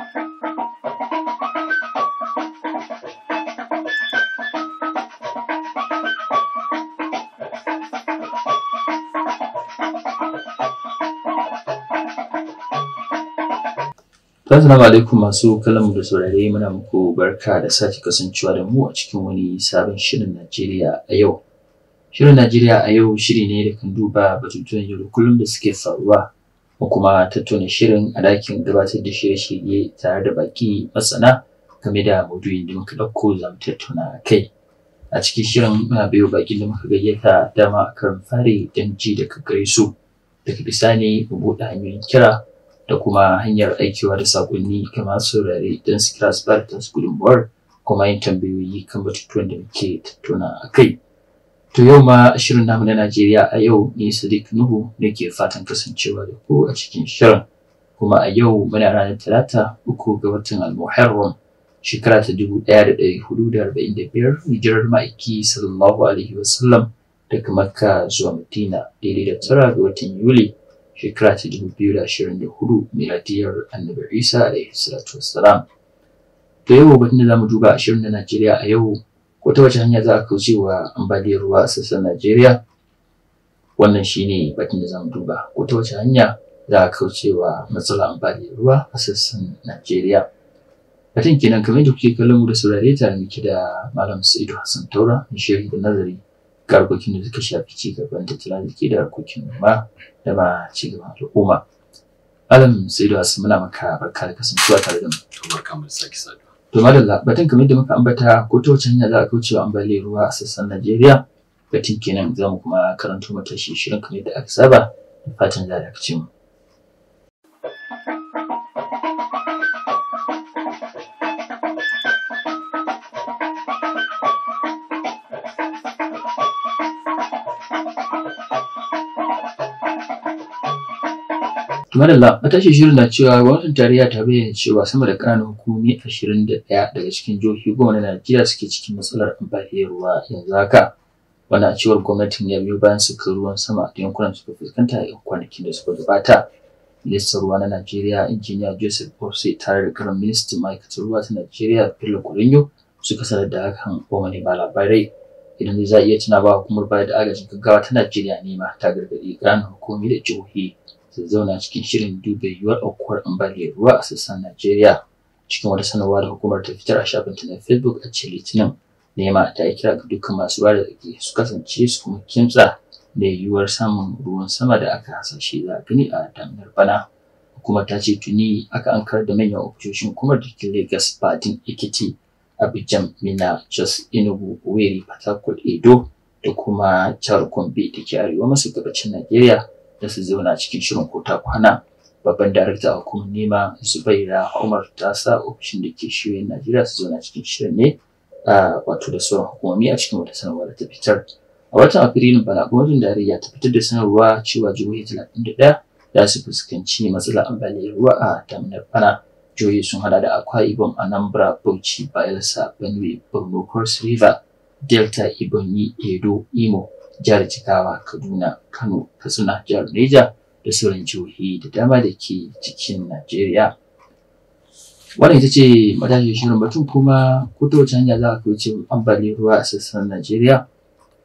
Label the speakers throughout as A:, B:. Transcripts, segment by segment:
A: Assalamu alaikum masu mu da saurare muna muku barka da sake kasancewa da mu a cikin wani sabon shirin Najeriya a yau. Shirin Najeriya a yau shiri ne da kan duba batutuwan yau da kullum da suke faruwa ko kuma tattauna shirin a dakin gabatar da shirye-shirye tare da baki masana game da maudu'in da muka ɗauko za mu tattauna kai. A cikin shirin muna biyo bakin da muka gayyata dama a karin fari don ji daga gare su daga bisani mu buɗe hanyoyin kira da kuma hanyar aikewa da saƙonni kamar saurare don su kira su ba da tasu gudunmuwar kuma yin tambayoyi kan batutuwan da muke tattauna a kai. To yau ma shirin namu na Najeriya a yau ni Sadiq Nuhu nake fatan kasancewa da ku a cikin shirin. Kuma a yau muna ranar Talata uku ga watan Al-Muharram shekara ta dubu ɗaya da ɗari hudu da arba'in da biyar hijirar ma'aiki sallallahu alaihi wasallam daga Makka zuwa Madina daidai da tara ga watan Yuli shekara ta dubu biyu da ashirin da hudu miladiyar Annabi Isa alaihi salatu wassalam. To yau batun da za mu duba a shirin na Najeriya a yau ko ta wace hanya za a kauce wa ambaliyar ruwa a sassan Najeriya wannan shine bakin da zamu duba ko ta wace hanya za a kauce wa matsalar ambaliyar ruwa a sassan Najeriya batun kenan kamar ki kuke kallon mu da saurare tare muke da malam Sa'idu Hassan Taura mai da nazari ga harkokin da suka shafi ci gaban tattalin arziki da harkokin noma da ma ci gaban al'umma Alam Sa'idu Hassan muna maka barka da kasancewa tare da mu barka mu sake saduwa To madalla batun kamar da muka ambata ko ta wace hanya za a kauce wa ambaliyar ruwa a sassan Najeriya batun kenan za mu kuma karanto matashi shirin kamar da aka saba fatan za a mu. Madalla matashi shirin na cewa gwamnatin tarayya ta bayyana cewa sama da ƙananan da 21 daga cikin jihohi goma na Najeriya suke cikin matsalar ambaliyar ruwa yanzu haka. Wani a cewar gwamnatin ya biyo bayan suka ruwan sama da yankunan suka fuskanta a kwanakin da suka gabata. Ministan ruwa na Najeriya injiniya Joseph Orsi tare da karin ministan ma'aikatar ruwa ta Najeriya Bello Kurinyo suka sanar da hakan goma ne ba labarai. Idan zai iya tuna ba hukumar bayar da agajin gaggawa ta Najeriya ne ma ta gargaɗi ƙananan hukumi da jihohi su zauna cikin shirin duba yiwuwar aukuwar ambaliyar ruwa a sassan Najeriya. Cikin wata sanarwa da hukumar ta fitar a shafinta na Facebook a ce Litinin, nema ta yi kira ga dukkan masu ruwa da tsaki su kasance su kuma kimtsa da yiwuwar samun ruwan sama da aka hasashe za a gani a bana. Hukumar ta ce tuni aka ankar da manyan ofishoshin hukumar da ke Lagos, Badin, Ekiti, Abidjan, Minna, Jos, Enugu, weri Port Edo da kuma Jihar Gombe da ke arewa masu gabacin Najeriya. da su zauna cikin shirin kota kwana babban darakta hukumar nema zubaira umar ta sa ofishin da ke shirin najeriya su zauna cikin shirin ne wato da sauran hukumomi a cikin wata sanarwa da ta fitar a watan afrilun bana gwamnatin tarayya ta fitar da sanarwa cewa jihohi talatin da ɗaya za su fuskanci matsalar ambaliyar ruwa a daminar bana jihohi sun hada da akwa ibom anambra bauchi bayelsa benue borno cross river delta ibonyi edo imo jihar Jigawa, Kaduna, Kano, Katsina, jihar Niger da sauran jihohi da dama da ke cikin Najeriya. Wannan ita ce matakin shirin batun kuma ko wace hanya za a kauce ambaliyar ruwa a sassan Najeriya.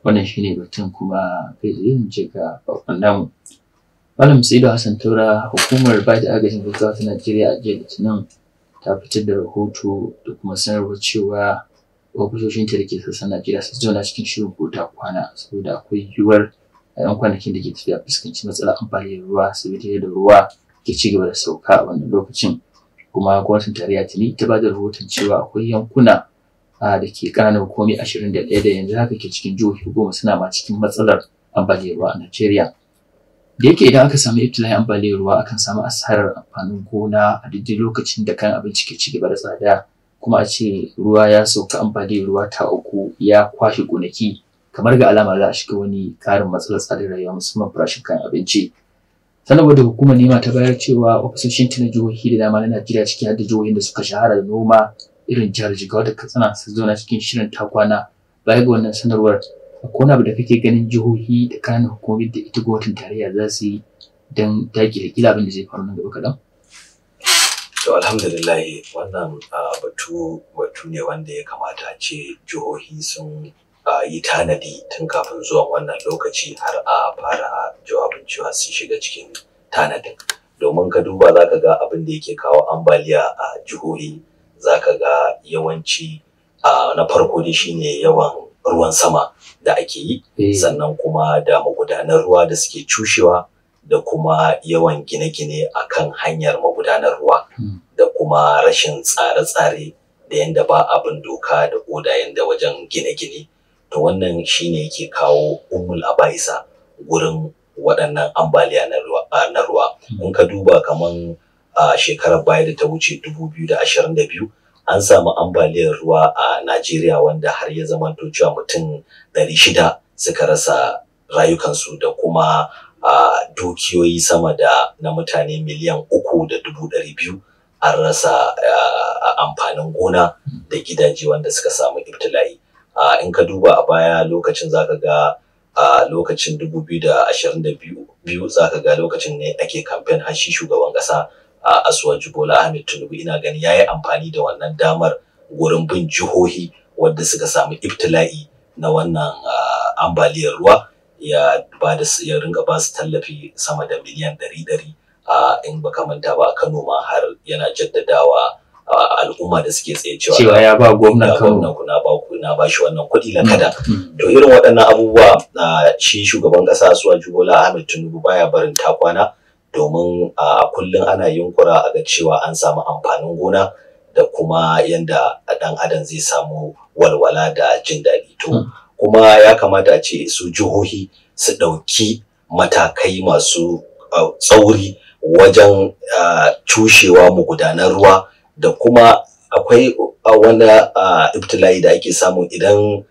A: Wannan shine batun kuma kai tsaye yin ce ga namu. Malam Sa'idu Hassan Taura hukumar ba da agajin gaggawa ta Najeriya a jiya Litinin ta fitar da rahoto da kuma sanarwar cewa ofisoshin ta da ke sassan Najeriya su zauna cikin shirin kota kwana saboda akwai yiwuwar a yan kwanakin da ke tafiya fuskanci matsalar amfani da ruwa bi da ruwa ke ci gaba da sauka a wannan lokacin kuma gwamnatin tarayya tuni ta ba da rahoton cewa akwai yankuna da ke ƙananan komai ashirin da ɗaya da yanzu haka ke cikin jihohi goma suna ma cikin matsalar ambaliyar ruwa a Najeriya. Da yake idan aka samu iftila ambaliyar ruwa akan samu asarar amfanin gona a duk lokacin da kan abinci ke ci gaba da tsada kuma a ce ruwa ya sauka amfani ruwa ta uku ya kwashe gonaki kamar ga alama za a shiga wani karin matsalar tsadar rayuwa musamman farashin kayan abinci sanarwar da hukumar nema ta bayar cewa ofisoshin tuna jihohi da dama na najeriya ciki har da jihohin da suka shahara da noma irin jihar jigawa da katsina su zauna cikin shirin takwana baya ga wannan sanarwar akwai abu da kake ganin jihohi da kananan hukumomi da ita gwamnatin tarayya za su yi don daƙile kila abin da zai faru nan gaba kaɗan
B: To alhamdulillah wannan batu batu ne wanda ya kamata ce jihohi sun yi tanadi tun kafin zuwa wannan lokaci har a fara jawabin cewa sun shiga cikin tanadin. Domin ka duba za ka ga abin da yake kawo ambaliya a jihohi za ka ga yawanci na farko dai shine yawan ruwan sama da ake yi eh. sannan kuma da magudanan ruwa da suke cushewa da kuma yawan gine-gine a kan hanyar magudanar ruwa hmm. da kuma rashin tsare-tsare da yadda ba abin doka da oda yadda wajen gine-gine to wannan shine yake kawo umul abaisa wurin waɗannan ambaliya na ruwa hmm. in ka duba kamar a shekarar baya da ta wuce 2022 an samu ambaliyar ruwa a Najeriya wanda har ya zamanto cewa mutum 600 suka rasa rayukansu da kuma a dukiyoyi sama da na mutane miliyan uku da dubu ɗari biyu an
C: rasa amfanin gona da gidaje wanda suka samu ibtila'i
B: in ka duba a baya lokacin zaka ga a lokacin 2022 zaka ga lokacin ne ake kamfen hashi shugaban kasa a asuwaji bola ahmed tinubu ina gani yi amfani da wannan damar wurin bin jihohi wadda suka samu ibtila'i na wannan ambaliyar ruwa ya ba da ya ringa ba su tallafi sama da miliyan ɗari ɗari a in baka manta ba Kano ma har yana jaddadawa al'umma da suke tsaye cewa cewa ya ba gwamnan Kano na ba ku na ba shi wannan kuɗi na mm, kada mm. to irin waɗannan abubuwa shi shugaban ƙasa suwa Jubola Ahmed Tinubu baya barin ta kwana domin a kullum ana yunkura a ga cewa an samu amfanin gona da kuma yanda ɗan adam zai samu walwala da jin daɗi to mm. kuma ya kamata a ce su jihohi su ɗauki matakai masu tsauri wajen cushewa magudanan ruwa da kuma akwai wanda ibtila'i da ake samu idan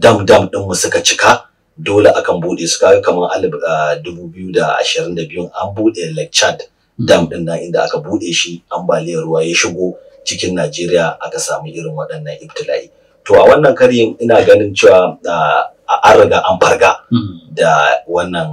B: dam dam mu suka cika dole akan buɗe su kaga kamar alif dubu biyu da ashirin da biyu an buɗe lechad hmm. dam ɗin na, inda aka buɗe shi ambaliyar ruwa ya shigo cikin najeriya aka samu irin waɗannan ibtila'i to a wannan karin ina ganin cewa an riga an farga hmm. da wannan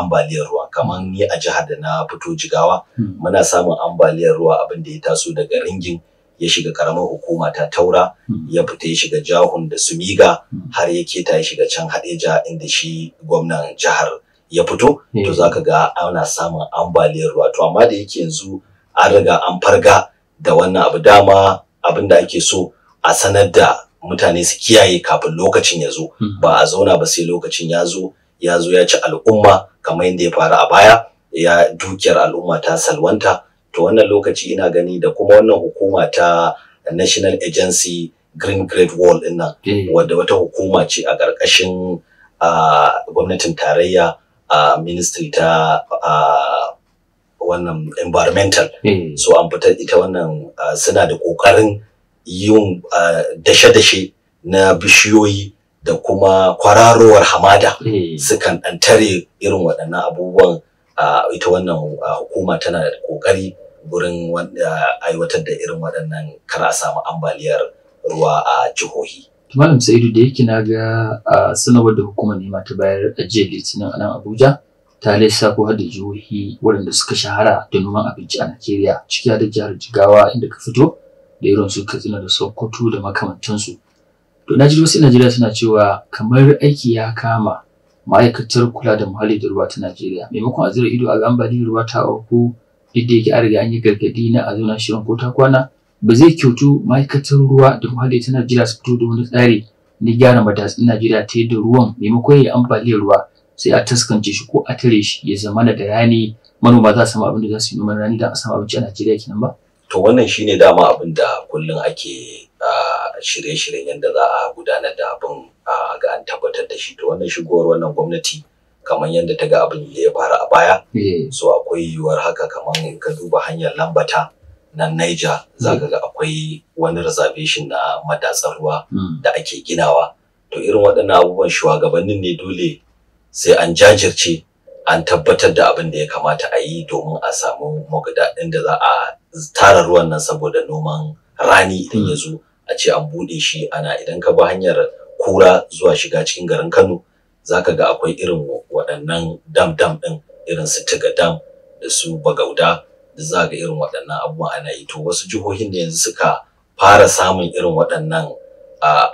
B: ambaliyar ruwa kamar ni a jihar da na fito jigawa hmm. muna samun ambaliyar ruwa abin da ya taso daga ringin ya shiga karamar hukuma ta taura hmm. ya fita ya shiga jahun da sumiga har ya keta ya shiga can hadeja inda shi gwamnan jihar ya fito to zaka ga ana samun ambaliyar ruwa to amma da yake yanzu an riga an farga da wannan abu dama abin da ake so a sanar da mutane su kiyaye kafin lokacin ya zo hmm. ba a zauna ba sai lokacin ya zo ya zo ya ci al'umma kamar yadda ya faru a baya ya dukiyar al'umma ta salwanta to wannan lokaci ina gani da kuma wannan hukuma ta national agency green great wall din nan eh. wadda wata hukuma ce a ƙarƙashin gwamnatin tarayya a ministry ta wannan environmental eh. so an fita ita wannan suna da ƙoƙarin yin eh, dashe-dashe na bishiyoyi da kuma kwararowar hamada hmm. sukan ɗan tare irin waɗannan abubuwan ah, ita wannan ah, hukuma tana da ƙoƙari gurin ah, aiwatar da irin waɗannan kar a samu ambaliyar ruwa a jihohi.
A: Malam Sa'idu da yake na ga sanarwar da hukumar nema ta bayar a jiya Litinin a nan Abuja ta lissafo har da jihohi waɗanda suka shahara da noman abinci a Najeriya ciki da jihar Jigawa inda ka fito da irin su katsina da sokoto da makamantansu to na ji wasu najeriya suna cewa kamar aiki ya kama ma'aikatar kula da muhalli da ruwa ta najeriya maimakon a zira ido a ga ambaliyar ruwa ta auku da yake an riga an yi gargadi na a zauna shirin ko ta kwana ba zai kyautu ma'aikatar ruwa da muhalli ta najeriya su fito da wani tsari na gyara matatsun najeriya ta yadda ruwan maimakon ya ambaliyar ruwa sai a taskance shi ko a tare shi ya zama da rani manoma za su samu abin da za su yi noman rani don a samu abinci a najeriya kenan ba to wannan
B: shine dama abin da kullum ake shirye-shiryen yadda za a gudanar da abin ga an tabbatar da shi to wannan shigowar wannan gwamnati kamar yadda ta ga abin da ya faru a baya eh. so akwai yiwuwar haka kamar in ka duba hanyar lambata na Niger za ka ga akwai wani reservation na madatsar ruwa hmm. da ake ginawa to irin waɗannan abubuwan shugabannin ne dole sai an jajirce an tabbatar da abin da ya kamata a yi domin a samu magada da za a tara ruwan nan saboda noman rani idan ya hmm. zo a ce an buɗe shi ana idan ka bi hanyar kura zuwa shiga cikin garin kano zaka ga akwai irin waɗannan dam dam ɗin irin su tiga dam da su bagauda da za ga irin waɗannan abubuwa ana yi to wasu jihohin da yanzu suka fara samun irin waɗannan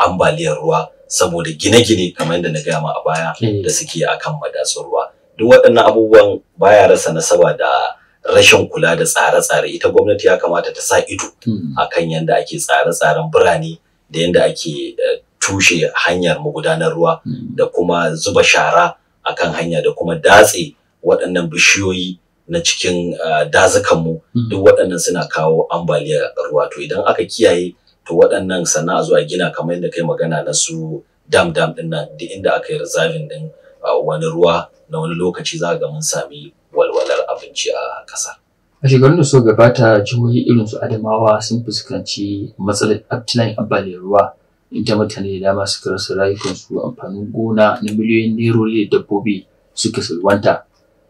B: ambaliyar ruwa saboda gine-gine kamar yadda na gaya ma a baya da suke akan madatsun ruwa duk waɗannan abubuwan baya rasa nasaba da rashin kula da tsare-tsare ita gwamnati ya kamata ta sa ido hmm. A kan yadda ake tsare-tsaren birane da yadda ake eh, tushe hanyar magudanar ruwa hmm. da kuma zuba shara a kan hanya da kuma datse waɗannan bishiyoyi na cikin eh, dazukanmu hmm. duk waɗannan suna kawo ambaliyar ruwa to idan aka kiyaye to waɗannan sana'a zuwa gina kamar yadda kai magana na su dam dam ɗin nan duk inda aka yi reserving ɗin eh, wani ruwa na wani lokaci za ga mun sami walwalar abinci a ƙasar.
A: A shekarun da suka gabata jihohi irin su Adamawa sun fuskanci matsalar abtilayin ambaliyar ruwa inda mutane da dama suka rasa rayukansu amfanin gona na miliyoyin nerori da dabbobi suka salwanta.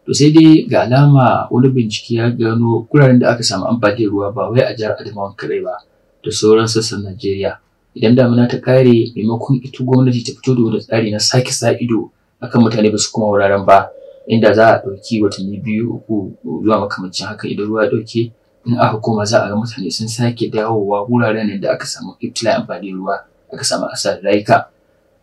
A: To sai dai ga alama wani bincike ya gano guraren da aka samu ambaliyar ruwa ba wai a jihar Adamawa kadai ba da sauran sassan Najeriya. Idan damina ta kare maimakon ita gwamnati ta fito da wani tsari na sake sa ido akan mutane ba su kuma wuraren ba inda za a ɗauki watanni biyu uku zuwa makamancin haka idan ruwa ya ɗauke in aka koma za a ga mutane sun sake dawowa wuraren da aka samu ibtila amfani ruwa aka samu asarar rayuka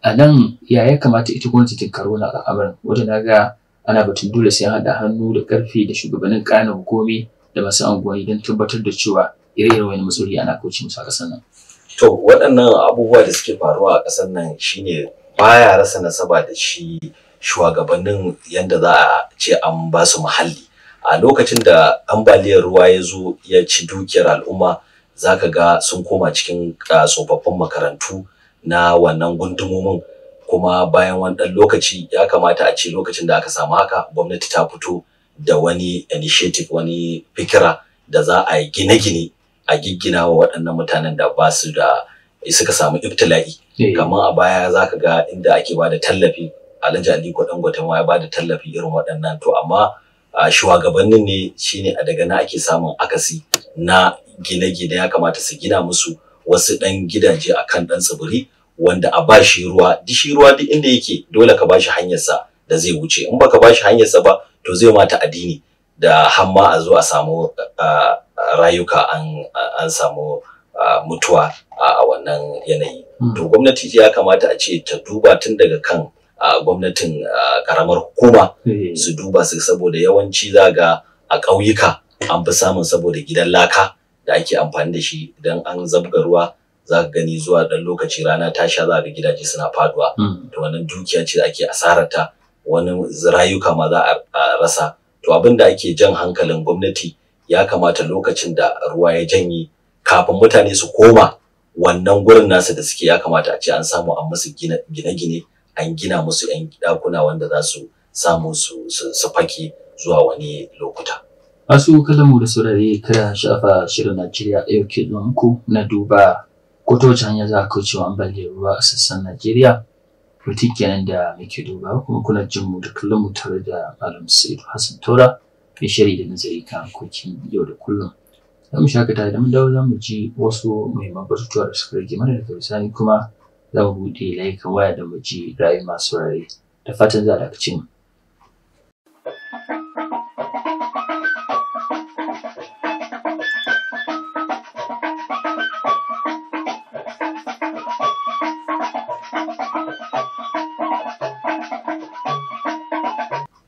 A: a nan ya ya kamata ita gwamnati ta karo na al'amarin wata na ga ana batun dole sai haɗa hannu da ƙarfi da shugabannin ƙananan hukumi da masu unguwanni don tabbatar da cewa ire-iren wani matsaloli ana kauce musu a ƙasar nan.
B: To waɗannan abubuwa da suke faruwa a ƙasar nan shine baya rasa nasaba da shi shugabannin yadda za a ce an ba su muhalli a lokacin da ambaliyar ruwa ya zo ya ci dukiyar al'umma zaka ga sun koma cikin tsofaffin makarantu na wannan gundumomin kuma bayan wani ɗan lokaci ya kamata a ce lokacin da aka samu haka gwamnati ta fito da wani initiative wani fikira da za a yi gine-gine a giggina wa waɗannan mutanen da ba su da suka samu ibtila'i eh. kamar a baya za ka ga inda ake bada tallafi Alhaji Aliko Dangote ma ya da tallafi irin waɗannan to amma shugabannin ne shine a daga na ake samun akasi na gine-gine ya kamata su gina musu wasu ɗan gidaje a kan ɗan tsibiri wanda a ba shi ruwa duk shi ruwa duk inda yake dole ka ba shi hanyarsa da zai wuce in baka ba shi hanyarsa ba to zai mata addini da hamma a zo a samu rayuka an samu mutuwa a wannan yanayi hmm. to gwamnati ya kamata a ce ta duba tun daga kan gwamnatin karamar hukuma eh. su duba su saboda yawanci za ga a ƙauyuka an fi samun saboda gidan laka da ake amfani da shi idan an zabga ruwa za ka gani zuwa ɗan lokaci rana ta sha za ga gidaje suna faduwa hmm. to wannan dukiya ce da ake asararta wani rayuka ma za a rasa to abin da ake jan hankalin gwamnati ya kamata lokacin da ruwa ya janye kafin mutane su koma wannan gurin nasu da suke ya kamata a ce an samu an musu gine-gine an gina musu 'yan dakuna wanda za su samu su fake zuwa wani lokuta.
A: Masu kalamu da saurare kira shafa shirin Najeriya yau ke ku na duba ko ta wace hanya za a kauce wa ambaliyar ruwa a sassan Najeriya. politik kenan da muke duba kuma kuna jin mu da kallon mu tare da Malam Sa'idu Hassan Tora ke da nazari kan kokin yau da kullum. za mu shakata da mu dawo za mu ji wasu muhimman batutuwa da suka rage mana daga bisani kuma za mu buɗe layukan waya da mu ji masu saurare da fatan za a cin.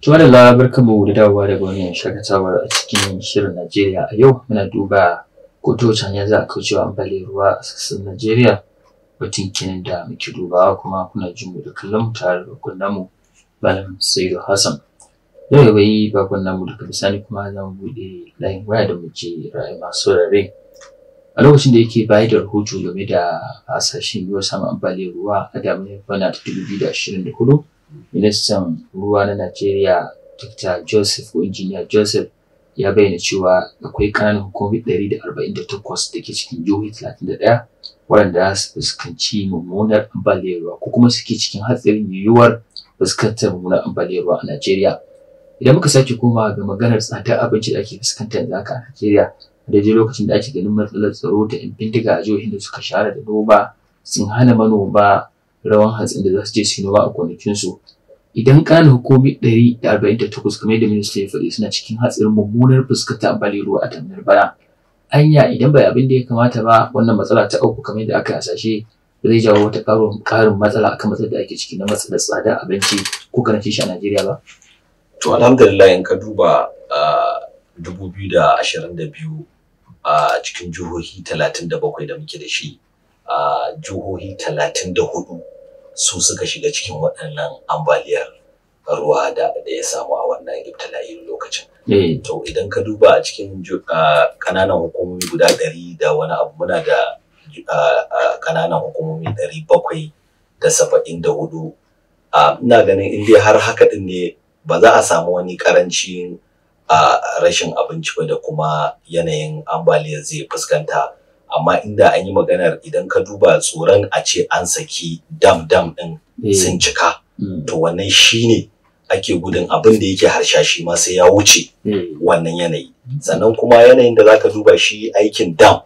A: da Labar barkanmu da dawowa daga wannan shakatawar a cikin shirin Najeriya a yau muna duba ko ta ya za a kaucewa ambaliyar ruwa a sassan Najeriya batun kenan da muke dubawa kuma kuna jin mu da kallon mu tare da bakon namu Malam Saidu Hassan. Yau ya bai bakon namu daga bisani kuma za mu buɗe layin waya da mu ce rayu masu rare. A lokacin da yake bayar da rahoto game da hasashen yiwuwar samun ambaliyar ruwa a damanar bana ta dubu biyu da ashirin da hudu ministan ruwa na najeriya dr joseph ko injiniya joseph ya bayyana cewa akwai ƙananan hukumomi 148 da ke cikin jihohi 31 waɗanda su fuskanci mummunar ambaliyar ko kuma suke cikin hatsarin yiwuwar fuskantar mummunar ambaliyar a Najeriya. Idan muka sake komawa ga maganar tsadar abinci da ake fuskanta yanzu haka a Najeriya, a daidai lokacin da ake ganin matsalar tsaro da 'yan bindiga a jihohin da suka share da noma sun hana manoma rawan hatsin da za su je su noma a su, idan ƙananan hukumi 148 kamar da minista ya faɗi suna cikin hatsarin mummunar fuskata ambaliyar ruwa a tannar bana anya idan bai abin da ya kamata ba wannan matsala ta auku kamar da aka hasashe zai jawo wata karin matsala akan
B: matsalar da ake ciki na matsalar tsada abinci ko ce shi a Najeriya ba to alhamdulillah in ka duba 2022 a cikin jihohi 37 da muke da shi a jihohi 34 su suka shiga cikin waɗannan ambaliyar ruwa da ya samu a wannan iftila'in lokacin. Eh. To idan ka duba a cikin ƙananan hukumomi guda ɗari da wani abu muna da ƙananan hukumomi ɗari bakwai da saba'in da hudu. Ina ganin in dai har haka ɗin ne ba za a samu wani ƙarancin rashin abinci ba da kuma yanayin ambaliyar zai fuskanta. amma inda an yi maganar idan ka duba tsoron a ce an saki dam dam din eh. sun cika hmm. to wannan ne ake gudun abin da yake harshashi ma sai ya wuce eh. wannan yanayi sannan kuma yanayin da za ka duba shi aikin dam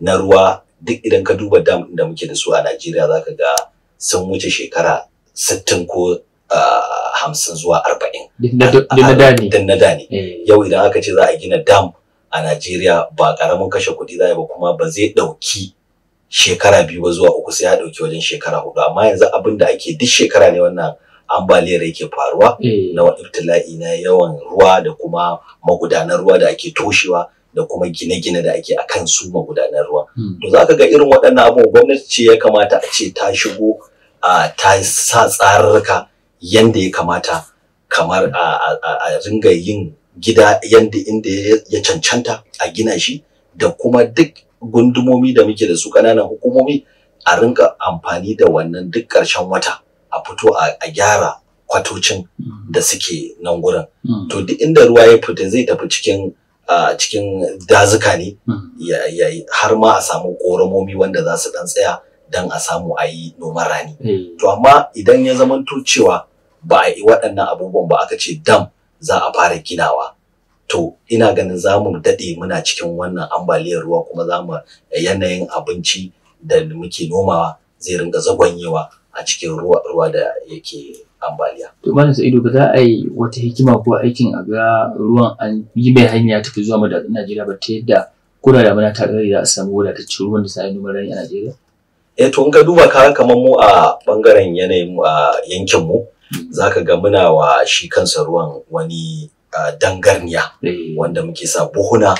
B: na ruwa duk idan ka duba dam da muke da su a Najeriya za ka ga sun wuce shekara 60 ko hamsin zuwa arba'in. Din na dani eh. Yau idan aka ce za a gina dam a Najeriya ba karamin kashe kuɗi za ba kuma ba zai ɗauki shekara biyu ba zuwa uku sai ya ɗauki wajen shekara hudu amma yanzu abin da ake duk shekara ne wannan ambaliyar yake faruwa eh. na ibtila'i na yawan ruwa da kuma magudanar ruwa da ake toshewa da kuma gine-gine da ake akan su magudanar ruwa hmm. to za ka ga irin waɗannan abubuwan gwamnati ce ya kamata a ce ta shigo ta sa tsararraka yanda ya kamata kamar a ringa yin gida yanda inda ya cancanta a gina shi da kuma duk gundumomi da muke da su ƙananan hukumomi a rinka amfani da wannan duk ƙarshen wata a fito a gyara kwatocin mm. da suke nan gurin. Mm. To duk inda ruwa ya fita zai tafi cikin cikin dazuka ne mm. har ma a samu ƙoramomi wanda za su ɗan tsaya don a samu a yi noman rani. Eh. To amma idan ya zamanto cewa ba a yi waɗannan abubuwan ba aka ce dam za a fara ginawa to ina ganin za mu daɗe muna cikin wannan ambaliyar ruwa kuma za mu yanayin abinci da muke nomawa zai ringa zagwanyewa a cikin ruwa ruwa da yake ambaliya.
A: To Malam Sa'idu ba za a yi wata hikima ko aikin a ga ruwan an yi mai hanya tafi zuwa madadin Najeriya ba ta yadda kuna da muna tare da a samu
B: wadataccen ruwan da za a yi a Najeriya? Eh to in ka duba ka kamar mu a bangaren yanayin a yankin mu zaka ga muna wa shi kansa ruwan wani ah, dangarniya eh. wanda muke sa buhuna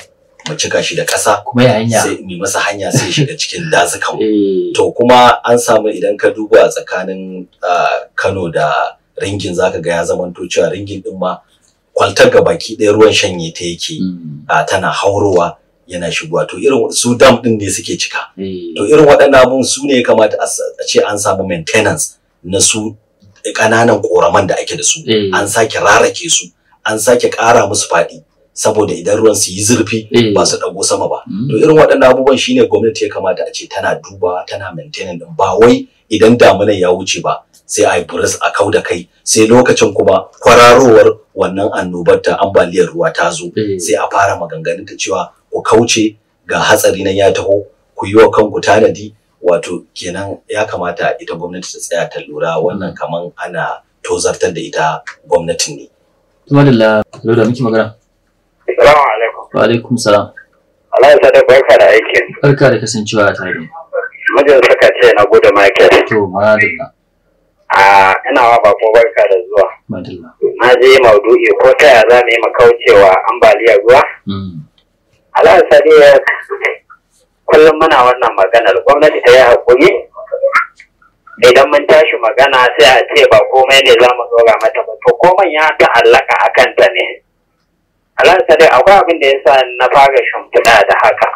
B: mu cika shi da ƙasa kuma ya hanya sai mu masa hanya sai shiga cikin dazukan eh. to kuma an samu idan ka duba a tsakanin ah, Kano da ringin zaka ga ya zamanto cewa ringin din ma kwaltar ga baki ɗaya ruwan shanye ta yake hmm. ah, tana haurowa yana shigowa to irin su dam din ne suke cika eh. to irin waɗannan abun su ne kamata a ce an samu maintenance na su ƙananan ƙoraman da ake da su eh. an sake rarake su an sake ƙara musu faɗi saboda idan ruwan su yi zurfi eh. ba su ɗago sama ba hmm. to irin waɗannan abubuwan shine gwamnati ya kamata a ce tana duba tana maintaining din ba wai idan damunan ya wuce ba sai a yi buris a kau da kai sai lokacin kuma kwararowar wannan annobar ta ambaliyar ruwa ta zo eh. sai a fara maganganun ta cewa ku kauce ga hatsari nan ya taho ku yi wa kanku tanadi wato kenan ya kamata ita gwamnati ta tsaya ta lura wannan kaman ana tozartar da ita gwamnatin ne.
A: Tumalilla, Lola, miki magana.
C: Salamu alaikum.
A: Wa alaikum salam.
C: Allah ya da barka da aikin. Barka
A: da kasancewa a tare.
C: Mijin suka ce na gode market. To, madalla. A ina wa bako barka da zuwa. Madalla. Na je maudu'i ko ta ya za mu yi mu kaucewa ambaliyar ruwa? Mm. Allah ya kullum muna wannan maganar gwamnati ta yi haƙuri idan mun tashi magana sai a ce ba komai ne za mu dora mata ba to komai ya ta'allaka a kanta ne alansa dai akwai abin da ya sa na fara shimfiɗa da haka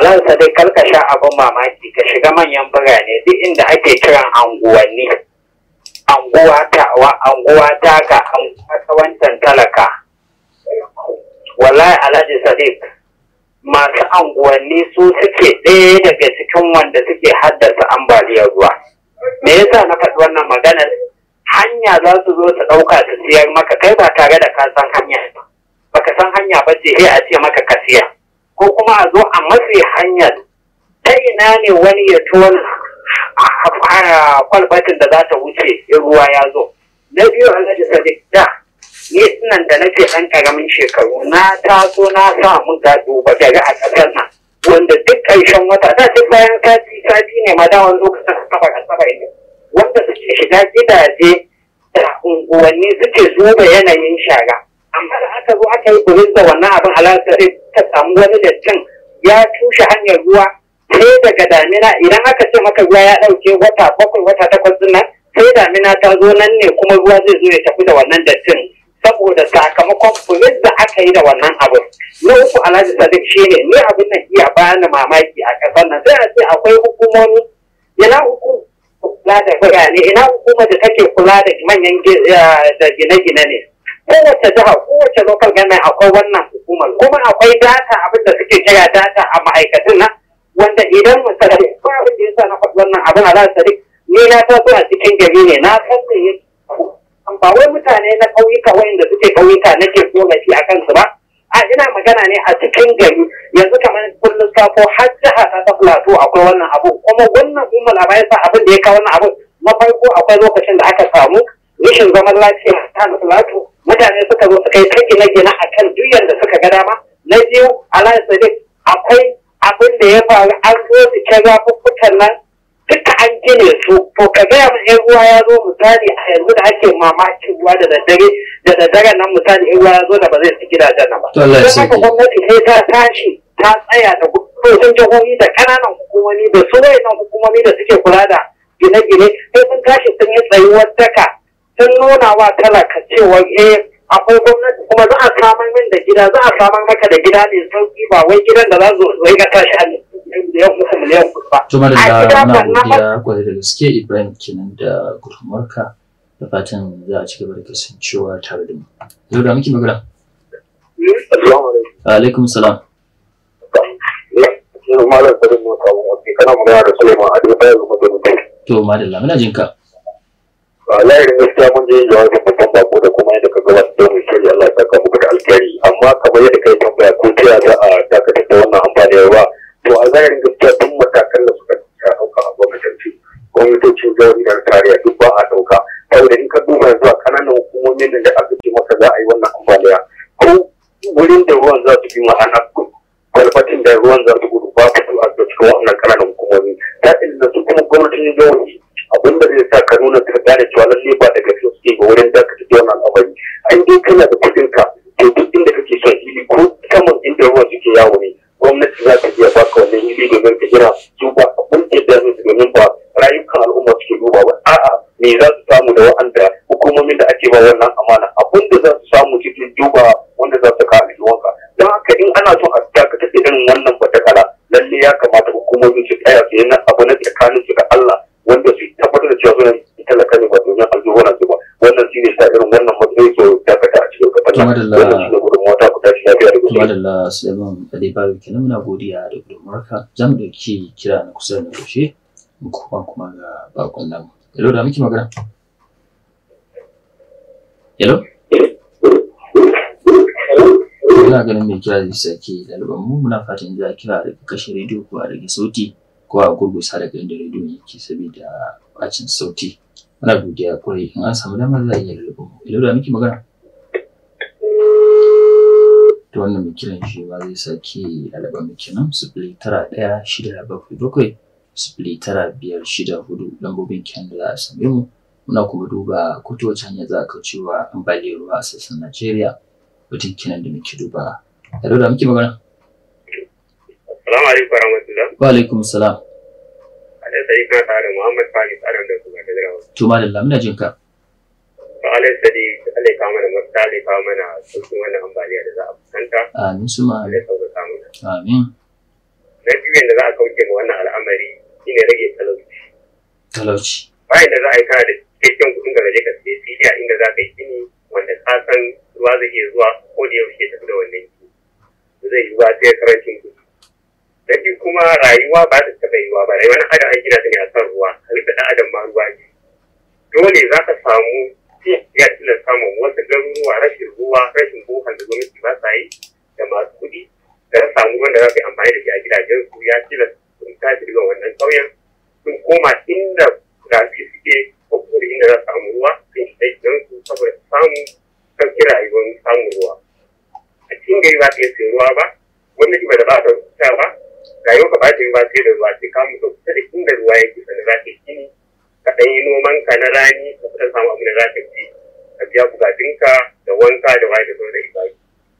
C: alansa dai karkasha abin mamaki ka shiga manyan birane duk inda ake kiran anguwanni anguwa ta wa anguwa ta ka anguwa ta wancan talaka wallahi alhaji sadiq anguwanni su suke ɗaya daga cikin wanda suke haddasa ambaliyar ruwa me yasa na faɗi wannan maganar hanya za su zo su ɗauka su siyar maka kai ba tare da ka san hanya ba baka san hanya ba ce sai a ce maka ka siya ko kuma a zo a matse hanyar ta ina ne wani ya tona a kwalbatin da za ta wuce in ruwa ya zo na biyu alhaji sadiq da ni nan da nake ɗan ƙaramin shekaru na taso na samu gado ba gari a ƙasar nan wanda duk ƙarshen wata da duk bayan sati sati ne ma dawon lokacin a asabar ne wanda suke shiga gidaje da unguwanni suke zuba yanayin shara amma da aka zo aka yi buris da wannan abin sai ta samu wani dattin ya tushe hanyar ruwa sai daga damina idan aka ce maka ruwa ya ɗauke wata bakwai wata takwas nan sai damina ta zo nan ne kuma ruwa zai zo ya tafi da wannan dattin saboda sakamakon fulis da aka yi da wannan abun. na uku alhaji sadiq shi ne abin nan iya bani mamaki a kasar nan sai a ce akwai hukumomi ina hukuma da take kula da manyan gine-gine ne kowace jihar kowace local government akwai wannan hukumar kuma akwai data abin da suke kira data a ma'aikatan nan wanda idan misali ko abin da sa na faɗi wannan abin alhaji sadiq ni na taso a cikin gari ne na san ne ba wai mutane na ƙauyuka wanda suke ƙauyuka nake korafi a kansu ba a ina magana ne a cikin gari yanzu kamar kullum safo har jiha ta ta plateau akwai wannan abu kuma wannan umma labarai sa abin da ya kawo wannan abu na farko akwai lokacin da aka samu rashin zaman lafiya ta plateau mutane suka zo suka yi ta gine-gine a kan duyan da suka ga dama na biyu sadiq akwai abin da ya faru an zo su kira nan duka an gine su to ka gaya mu yan ruwa ya zo misali a yanzu da ake mamakin ruwa da daddare da daddare nan misali yan ruwa ya zo da ba zai saki gidajen nan ba. Don haka gwamnati sai ta tashi ta tsaya da kusurcin jihohi da ƙananan hukumomi da su nan hukumomi da suke kula da gine-gine sai sun tashi sun yi tsayuwar daka sun nuna wa talaka cewa eh akwai gwamnati kuma za a samar min da gida za a samar maka da gida ne sauki ba wai gidan da za su zo ga tashi hannu. miliyan da miliyan kuɗi da na godiya
A: kwarai da gaske Ibrahim kenan da gudunmuwarka da fatan za a ci gaba da kasancewa tare da mu. Yau da muke magana. Alaikum salam. To madalla muna jin ka.
C: Wallahi da gaskiya mun je jawabin babban bako da kuma yadda ka gabatar da mu shirya Allah ya saka muku da alkhairi amma kamar yadda kai tambaya ko ta za a dakatar da wannan amfani ruwa to a zahirin gaskiya duk matakan da suka ɗauka a gwamnatanci gwamnatocin jami'ar tarayya duk ba a ɗauka saboda in ka duba yanzu a kananan hukumomin da aka ce maka za a yi wannan ambaliya ko wurin da ruwan za su bi ma'ana kwalfatin da ruwan za su gudu ba su a cikin wannan kananan hukumomi ta inda su kuma gwamnatin jami'ar abin da zai sa ka nuna ka gane cewa lalle ba da gaske suke ga wurin da ka tafi wannan al'amari an dai kana da kuɗinka ka to duk inda kake son fili ko saman inda ruwan suke yawo ne gwamnati shi domin ka kira su ba abin da su domin ba rayukan al'umma suke duba ba
A: a'a me za su samu da wa'anda hukumomin da ake ba wannan amana abin da za su samu cikin duba wanda za su kawo wanka don haka in ana son a dakatar ta irin wannan batakala lalle ya kamata hukumomin su tsaya su yi abu na tsakanin su da Allah wanda su tabbatar da cewa suna talaka ne ba domin aljuhunan su ba wannan shi ne sa irin wannan matsayi ke dakata a cikin gaban nan wannan shi Madalla Suleiman Alibayo kenan muna godiya da gudunmuwarka za mu ɗauki kira na kusa da ƙarshe kuma kuma ga bakon nan Hello da muke magana? Hello? Muna ganin mai kira zai sake ɗaliban mu muna fatan za a kira daga kashe rediyo ko a rage sauti ko a gurgusa daga inda rediyo yake saboda bacin sauti. Muna godiya kwarai in an samu damar za a iya ɗaliban mu. Hello da muke magana? to wannan mai kiran shi ba zai sake alaba miki su fili tara ɗaya shida bakwai bakwai fili tara biyar shida hudu lambobin kyan da za a same mu muna kuma duba ko ta wace hanya za a kaucewa ambaliyar ruwa a sassan Najeriya batun kenan da muke duba. Hello da muke magana.
C: Assalamu alaikum warahmatullah.
A: Wa alaikum salam.
C: Alaikum salam. Muhammad Faris Aram da kuma da Jirawa.
A: Tuma da Allah muna jin ka.
C: Allah sadi alayyar kawo mana mafita alayyar kawo mana sauƙin wannan ambaliya da za a fuskanta. Amin su ma. Allah sauƙaƙa mana. Amin. Na biyu yadda za a kauce ma wannan al'amari ne rage talauci. Talauci. Bayan da za a yi kana da cikakken kuɗin garaje ka sai fili a inda za ka yi gini wanda ka san ruwa zai iya zuwa ko da yaushe tafi da wannan gini. Zai yi ruwa sai karancin kuɗi. Na biyu kuma rayuwa ba ta taɓa yiwa ba rayuwar adam an gina ta ne a kan ruwa halitta ɗan adam ma ruwa ne. Dole za ka samu ya tilasta samun wasu garuruwa rashin ruwa rashin bohan da gwamnati ba sa yi da masu kuɗi da ya samu wanda za su yi amfani da shi a gidajen su ya tilasta sun tashi daga wannan ƙauyen sun koma inda rafi suke ko kuma inda za su samu ruwa sun shi don su saboda samu kan kira rayuwar samun ruwa a cikin gari ba ta iya ruwa ba gwamnati ba da ba ta rubuta ba yau ka ba ta yi ba sai da ruwa sai kama kusa da inda ruwa yake sanar da ta yi gini ka yi noman ka na rani ka ɗan samu abin da za ka ci ka biya ka, da wanka da waye da sauran ibadu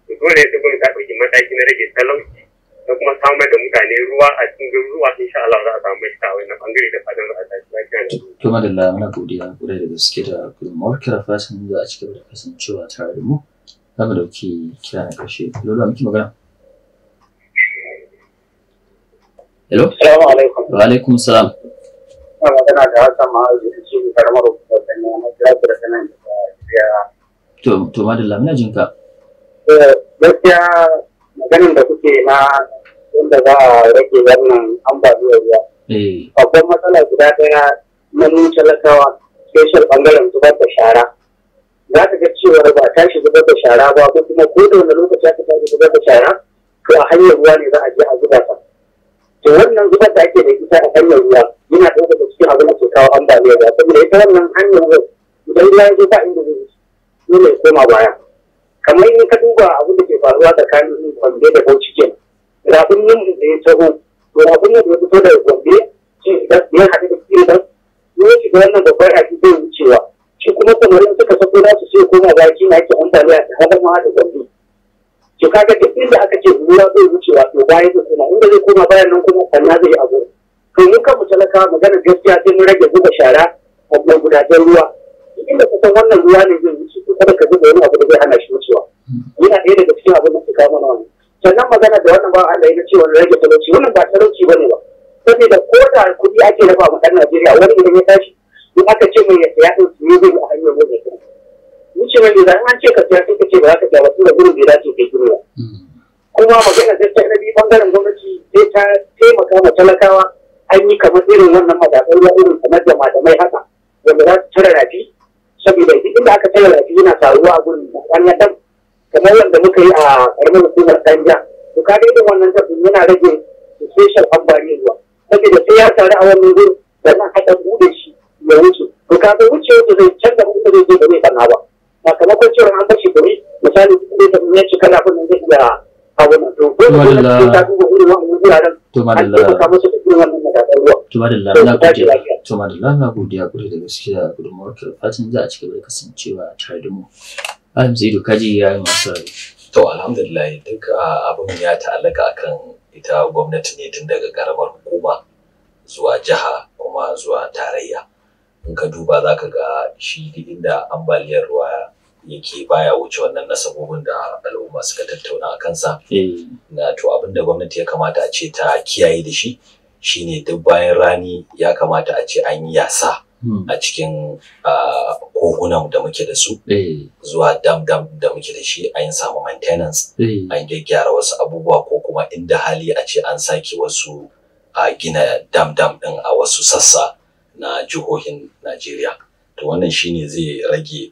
C: to dole sai gwamnati ta ɗauki mataki
B: na rage talauci na kuma samar da mutane ruwa a cikin garuruwa sha Allah za a samu mashi ta na bangare da fatan za a tashi lafiya ne. to madalla
A: muna godiya gure da gaske da gudunmawar kira fasin za a cikin gaba da kasancewa tare da mu za mu ɗauki kira na ƙarshe lola miki magana. Hello?
C: Salamu alaikum. Wa
A: alaikum salam.
C: suna magana da Hassan Ma'azu da shi da ya kuke na za a rage wannan ambaliyar ruwa babban matsala guda daya na mun talakawa special bangaren zubar da shara za ka ga cewa ba tashi zubar da shara ba ko kuma ko da wani lokaci aka tashi zubar da shara to a hanyar ruwa ne za a je a zuba to wannan zubar da ake da ita a hanyar ruwa yana ɗauka da cikin abin da ke kawo ambaliyar ruwa saboda ita wannan hanyar ruwa idan ruwa ya je ba inda zai dole ya koma baya kamar in ka duba abin da ke faruwa tsakanin kwambe da bauchi ke rafin nan da ya taho to rafin nan da ya fito daga kwambe shi ya haɗu da cikin dan in ya shiga wannan babbar haɗi zai wucewa shi kuma samarin suka sako za su sai koma baki na ake ambaliya ta hadar ma da kwambe to kaga duk inda aka ce ruwa zai wuce wato bayan zai koma inda zai koma bayan nan kuma kwanna zai abu to mu kan mu talaka magana gaskiya sai mun rage zuba shara a magudajen ruwa inda kusan wannan ruwa ne zai wuce to kada ka zuba wani abu da zai hana shi wucewa yana ɗaya daga cikin abin da su kama na wani sannan magana da wannan ba Allah ya ce wani rage talauci wannan ba talauci bane ba saboda ko da kuɗi ake dafa ma ɗan Najeriya wani idan ya tashi in aka ce mai ya saya ɗin su yi zai a hanyar wajen wuce mai da an ce ka siya sai ka ce ba za ka siya ba da gurin ce dace kai gurin kuma magana gaskiya na biyu bangaren gwamnati sai ta taimaka ma talakawa an yi kamar irin wannan matakan ya irin kamar da madamai haka wanda za su tara rafi saboda duk inda aka tara rafi yana taruwa a gurin an ya dam kamar wanda muka yi a karamin hukumar danja to ka ga wannan tafin yana rage special ambaliyar ruwa saboda sai ya taru a wannan gurin wannan haɗa bude shi ya wuce to ka ga wuce wanda zai canza mutum zai da zai ba sakamakon cewa an bashi gari misali kuma da ne ci kana abin da ya abu na to ko da ne ta duba irin wannan guraren an taimaka musu da irin wannan matakan ruwa tumadalla na godiya
A: tumadalla na godiya gure da gaskiya gudunmuwar fatan za a ci gaba da kasancewa tare da mu Alim Zaidu kaji ya yi masu rai. To
C: alhamdulillah duk abin ya ta'allaka akan ita gwamnati ne tun daga karamar hukuma zuwa jiha kuma zuwa tarayya. in
B: ka duba za ka ga shi duk inda ambaliyar ruwa yake baya wuce wannan nasabobin da al'umma suka tattauna a kansa eh. na to abin da gwamnati ya kamata a ce ta kiyaye da shi shine duk bayan rani ya kamata a ce an yi yasa hmm. a cikin kogunan da muke da su eh. zuwa dam dam da muke da shi an samu maintenance eh. an gyaggyara wasu abubuwa ko kuma inda hali a ce an sake wasu a gina dam dam din a wasu sassa na jihohin Najeriya to wannan shine zai rage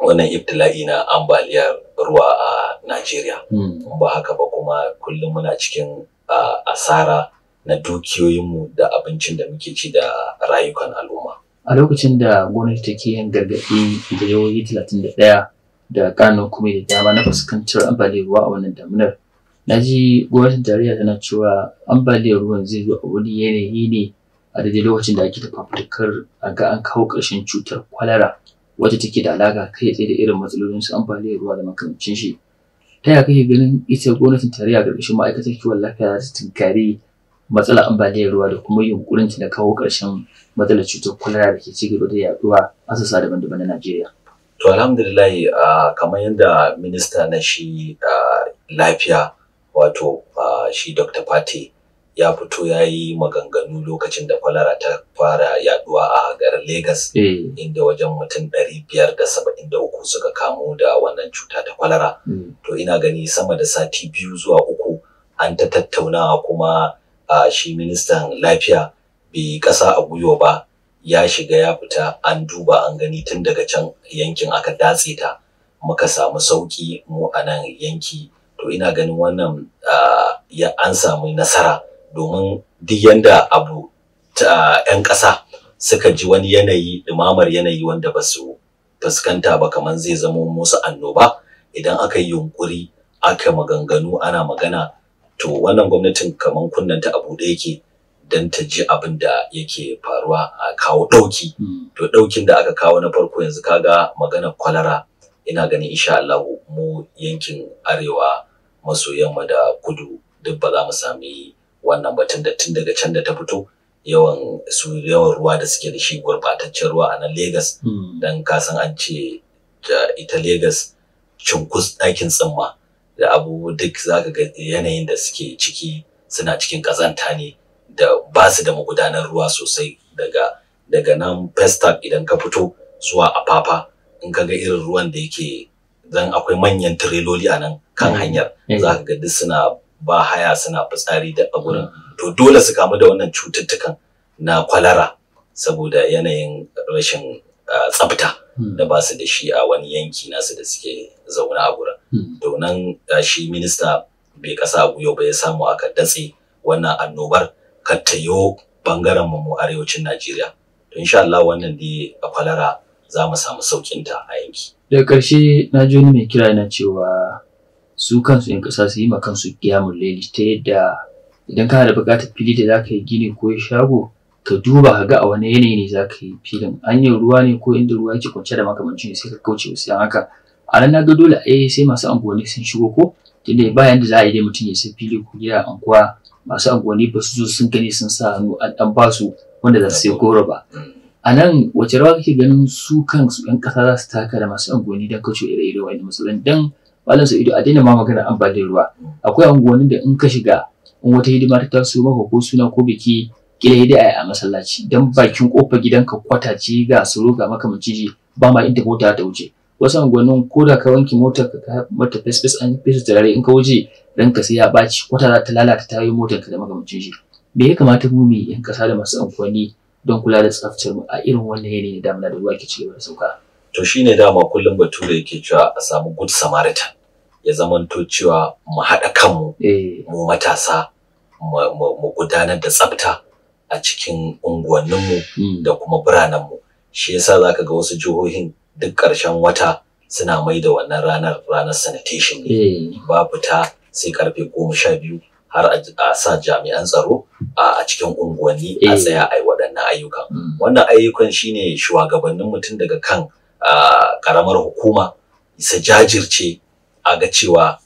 B: wannan iftila'i na
C: ambaliyar ruwa
B: a Najeriya hmm. ba haka ba kuma kullum muna cikin asara na dukiyoyinmu da abincin da muke ci da rayukan al'umma
A: a lokacin da gwamnati take yin gargaɗi da jihohi 31 da kano kuma da dama na fuskantar ambaliyar ruwa a wannan damunar na ji gwamnatin tarayya tana cewa ambaliyar ruwan zai zo a wani yanayi ne a daidai lokacin da ake da fafutukar a ga an kawo ƙarshen cutar kwalara wacce take da alaƙa kai tsaye da irin matsalolin su ambaliyar ruwa da makamancin shi ta yaya kake ganin ita gwamnatin tarayya ƙarƙashin ma'aikatar kiwon lafiya za ta tunkari matsalar ambaliyar ruwa da kuma yunkurin ta na kawo ƙarshen matsalar cutar kwalara da ke ci gaba da yaduwa a sassa daban-daban na Najeriya.
B: To alhamdulillah kamar yadda minista na shi lafiya wato shi Dr. Fati ya fito ya yi maganganu lokacin da kwalara ta fara yaduwa a garin Legas eh. inda wajen mutum ɗari biyar da saba'in da uku suka kamo da wannan cuta ta kwalara. Hmm. To ina gani sama da sati biyu zuwa uku an ta tattaunawa kuma a shi ministan lafiya bai ƙasa a gwiwa ba ya shiga ya fita an duba an gani tun daga can yankin aka datse ta muka samu sauki mu a nan yanki to ina ganin wannan ya an samu nasara. domin duk yanda abu ta 'yan ƙasa suka ji wani yanayi ɗumamar yanayi wanda ba su fuskanta ba kamar zai zama musu annoba idan aka yi yunkuri aka maganganu ana magana to wannan gwamnatin kamar kunnanta abu buɗe yake don ta ji abin da yake faruwa a kawo ɗauki hmm. to ɗaukin da aka kawo na farko yanzu kaga magana kwalara ina ganin insha Allah mu yankin arewa maso yamma da kudu duk ba za mu sami wannan batun da tun daga can da ta fito yawan su yawan ruwa da suke da shi gurbataccen ruwa a nan Legas hmm. dan kasan an ce ita Legas cunkus ɗakin tsimma da abu duk zaka ga yanayin da suke ciki suna cikin kazanta ne da ba su da magudanar ruwa sosai daga daga nan Pestap idan ka fito zuwa Apapa in ka ga irin ruwan da yake dan akwai manyan tireloli a nan kan hmm. hanyar zaka ka ga duk suna ba haya suna fitsari da a gurin to dole su kamu da wannan cututtukan na kwalara saboda yanayin rashin tsafta hmm. da ba su da shi a wani yanki nasu da suke zaune a gurin hmm. to nan shi minista bai kasa a ba ya samu aka datse wannan annobar ka tayo bangaren mu arewacin Najeriya to insha Allah wannan dai a kwalara za mu samu ta a yanki
A: Da ƙarshe na ji wani mai kira yana cewa su kansu 'yan kasa su yi ma kansu kiyamun laili ta yadda idan kana da buƙatar fili da za ka yi gini ko shago ka duba ka ga a wani yanayi ne za ka yi filin hanyar ruwa ne ko inda ruwa yake kwance da makamancin sai ka kauce wasu yan haka a nan na ga dole a eh, sai masu anguwanni sun shigo ko tunda ba yanda za a yi dai mutum ya sai fili ko gida anguwa masu anguwanni ba su zo sun gani sun sa hannu an ba su wanda za su sai goro ba a nan wace rawa kake ganin su kansu yan ƙasa za su taka da masu anguwanni don kauce ire-ire wa'in matsalolin dan malam ido a daina ma magana ambalin ruwa akwai unguwannin da in ka shiga in wata hidima ta taso maka ko suna ko biki kila da a a masallaci dan bakin kofar gidanka kwata ce ga suru ga maciji, ba ma inda mota ta wuce wasu unguwannin ko da ka wanke motar ka mata face an fesa rare in ka wuce dan ka sai ya baci kwata za ta lalata tayoyin motar ka da maka maciji. me ya kamata mu mu yan kasa da masu unguwanni don kula da tsaftar mu a irin wannan yanayi da damuna
B: da ruwa ke cigaba da sauka to shine dama kullum bature yake cewa a samu good samaritan ya zamanto cewa mu haɗa kanmu eh. mu matasa mu gudanar da tsafta a cikin unguwanninmu hmm. da kuma biranenmu shi yasa zaka ga wasu jihohin duk ƙarshen wata suna mai da wannan ranar ranar sanitation ne eh. ba fita sai karfe goma sha biyu har a sa jami'an tsaro a cikin unguwanni a eh. tsaya a yi waɗannan ayyukan hmm. wannan ayyukan shine shugabannin mutum daga kan karamar hukuma su jajirce a ga cewa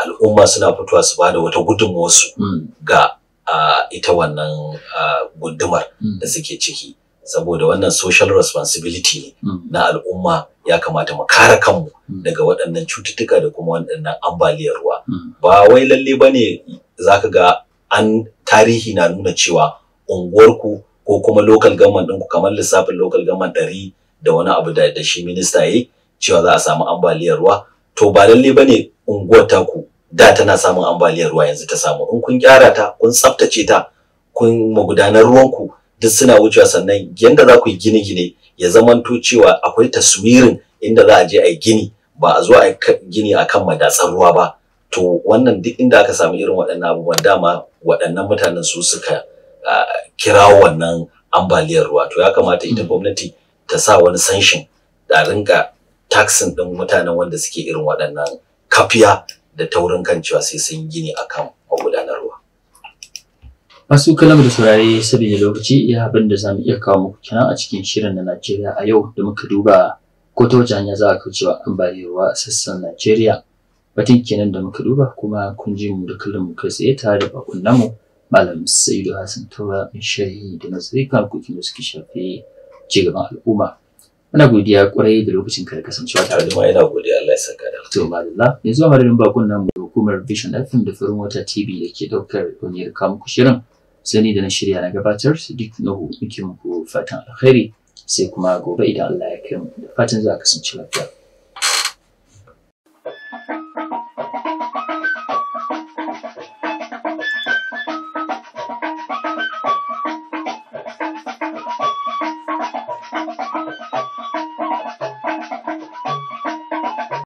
B: al'umma suna fitowa su bada wata gudunmuwarsu hmm. ga ita wannan gudumar hmm. da suke ciki saboda wannan social responsibility hmm. na al'umma ya kamata mu kare kanmu daga waɗannan cututtuka da kuma waɗannan ambaliyar ruwa ba wai lalle bane ne za ka ga an tarihi na nuna cewa unguwarku ko kuma local government ɗinku kamar lissafin local government ɗari da wani abu da da shi minista yi cewa za a samu ambaliyar ruwa to ba lalle ne unguwar ku da tana samun ambaliyar ruwa yanzu ta samu in kun gyara ta kun tsaftace ta kun magudanar ruwanku duk suna wucewa sannan yanda za ku yi gine-gine ya zamanto cewa akwai taswirin inda za a je a yi gini ba a zo a gini a kan madatsar ruwa ba to wannan duk inda aka samu irin waɗannan abubuwan dama waɗannan mutanen su suka ah, kirawo wannan ambaliyar ruwa to ya kamata ita mm. gwamnati ta sa wani sanshin da rinka taxin din mutanen wanda suke irin waɗannan kafiya da taurin kan cewa sai sun gini akan magudanar ruwa.
A: Masu kalam da saurare saboda lokaci iya abin da zamu iya kawo muku kenan a cikin shirin na Najeriya a yau da muka duba ko ta wace hanya za a kaucewa ambaliyar ruwa sassan Najeriya. Batun kenan da muka duba kuma kun ji mu da kallon mu kai tsaye tare da bakun namu Malam Sa'idu Hassan Taura in da nazari kan harkokin da suke shafi ci gaban al'umma muna godiya kwarai da lokacin ka kasancewa tare da mu ina
B: godiya Allah ya saka da
A: to madalla yanzu a madadin bakun namu da hukumar Vision FM da Farin Wata TV da ke daukar duniyar kamu shirin sani da na shirya na gabatar Sadiq Nuhu muke muku fatan alkhairi sai kuma gobe idan Allah ya kai mu da fatan za a kasance lafiya